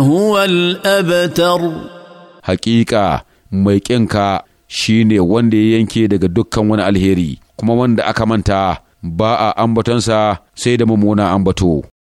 huwa al'abatar. هو mai حقيقة shi shine wanda ya yanke daga dukkan wani alheri kuma wanda aka manta ba a ambatonsa sai da mummuna ambato